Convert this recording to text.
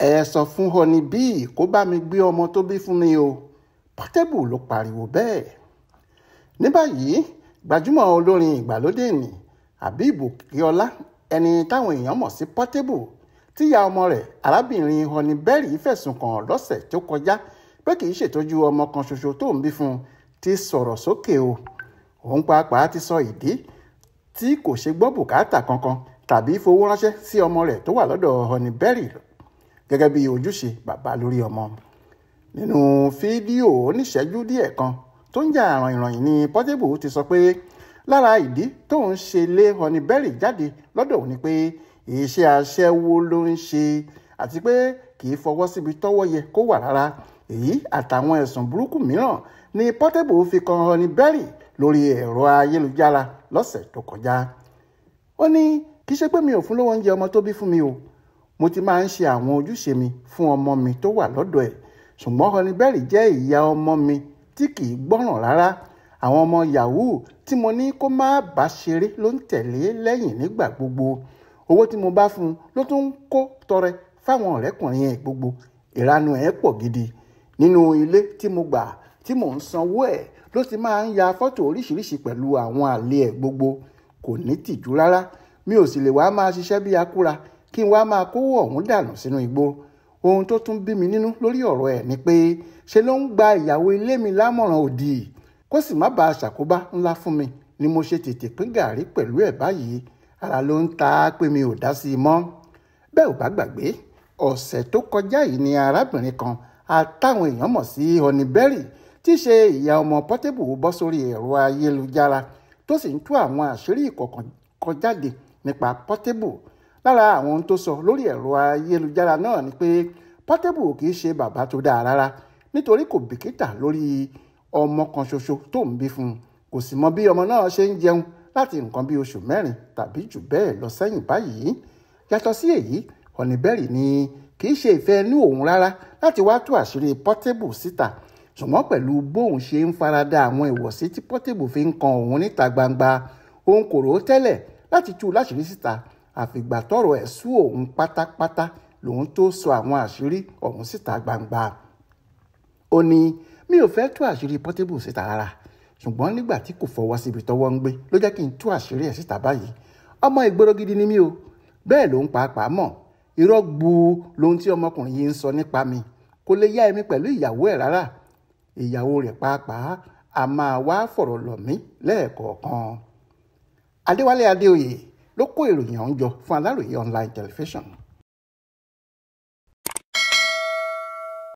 ẹ sọ fún Honey Bee kó bá mi gbé ọmọ tó bí fún mi o Portable ló pariwo bẹ́ẹ̀. ní báyìí gbajúmọ̀ olórin ìgbàlódé ni Habeeb Okikiola ẹni táwọn èèyàn mọ̀ sí Portable tíya ọmọ rẹ̀ arábìnrin Honey Berry fẹ̀sùn kàn lọ́sẹ̀ tó kọjá pé kì í ṣètọ́jú ọmọ kan ṣoṣo tó ń bí fún un ti sọ̀rọ̀ sókè o òun pàápàá ti sọ ìdí tí kò ṣe gbọ́ bùkátà kankan tàbí fowó ránṣẹ́ sí ọmọ rẹ̀ tó wà lọ́dọ̀ Honey Berry gẹ́gẹ́ bí ojúṣe bàbá lórí ọmọ nínú fídíò oníṣẹ́jú díẹ̀ kan tó ń jà àrùn ìròyìn ní Portable ti sọ pé lára ìdí tó ń ṣe lé honeyberry jáde lọ́dọ̀ òní pé iṣẹ́ aṣẹ́wó ló ń ṣe àti pé kì í fọwọ́ síbi tọ́wọ́ yẹ kó wà rárá èyí àtàwọn ẹ̀sùn burúkú mìíràn ni Portable fi kan honeyberry lórí ẹ̀rọ ayélujára lọ́sẹ̀ tó kọjá ó ní kì í ṣe pé mi ò fún lówó oúnjẹ ọmọ tó bí fún mi o mo ti máa ń ṣe àwọn ojúṣe mi fún ọmọ mi tó wà lọ́dọ̀ ẹ̀ ṣùgbọ́n Honeyberry jẹ́ ìyá ọmọ mi tí kì í gbọ́ràn rárá àwọn ọmọ yahoo tí mo ní kó má bá ṣeré ló ń tẹ̀lé lẹ́yìn nígbà gbogbo owó tí mo bá fún ló tún ń kó tọrẹ fáwọn ọ̀rẹ́kùnrin ẹ̀ gbogbo ìranu ẹ̀ pọ̀ gidi nínú ilé tí mo gbà tí mò ń sanwó ẹ̀ ló ti máa ń ya fọ́tò oríṣiríṣi pẹ̀lú àwọn àlè ẹ̀ gbogbo kò ní tìjú rárá mi ò sì lè wá máa ṣiṣẹ́ bí akúra kí n wá máa kówó ọ̀hún dànù sínú igbó ohun tó tún bí mi nínú lórí ọ̀rọ̀ ẹ̀ ni pé ṣe ló ń gba ìyàwó ilé mi lámọ̀ràn òdì kó sì má bàa ṣàkóbá ńlá fún mi ni mo ṣe tètè pín gàrí pẹ̀lú ẹ̀ báyìí ara ló ń ta pé mi ò dá sí i mọ́ bẹ́ẹ̀ ò bá gbàgbé ọ̀sẹ̀ tó kọjá yìí ni arábìnrin kan àtàwọn èèyàn mọ̀ sí honeyberry tí í ṣe ìyá ọmọ pọ́tébù bọ́ sórí ẹ̀rọ ayélujára tó sì ń tú àwọn àṣírí ìkọ̀kọ̀ jáde nípa portable lára àwọn ohun tó sọ lórí ẹ̀rọ ayélujára náà ni pé Portable kì í ṣe bàbá tó dáa rárá nítorí kò bìkítà lórí ọmọ kan ṣoṣo tó ń bí fún un kò sì mọ bí ọmọ náà ṣe ń jẹun láti nǹkan bí oṣù mẹ́rin tàbí jù bẹ́ẹ̀ lọ sẹ́yìn báyìí yàtọ̀ sí èyí Honeyberry ni kì í ṣe ìfẹ́ inú òun rárá láti wá tú àṣírí Portable síta ṣùgbọ́n pẹ̀lú bóun ṣe ń farada àwọn ìwọ̀sí tí Portable fi ń kan òun níta gbangba òun kò rò ó tẹ́lẹ̀ láti tú láṣìírí síta àfìgbà tọ́rọ̀ ẹ̀ sú òun pátápátá lòun tó sọ àwọn àṣírí ọ̀hún síta gbangba ó ní mi ò fẹ́ tú àṣírí Portable síta rárá ṣùgbọ́n nígbà tí kò fọwọ́ síbi tọ́wọ́ ń gbé ló jẹ́ kí n tú àṣírí ẹ̀ síta báyìí ọmọ ìgboro gidi ni mí o bẹ́ẹ̀ ló ń pàápàá mọ̀ irọ́ gbuu lohun tí ọmọkùnrin yìí ń sọ nípa mi kò lè yá èmi pẹ̀lú ìyàwó ẹ̀ rárá ìyàwó rẹ̀ pàápàá a máa wá fọ̀rọ̀ lọ̀ mí lẹ́ẹ̀kọ̀ọ̀kan Adéwálé Adéoyè ló kó ìròyìn ọ̀hún jọ fún Aláròyé online television.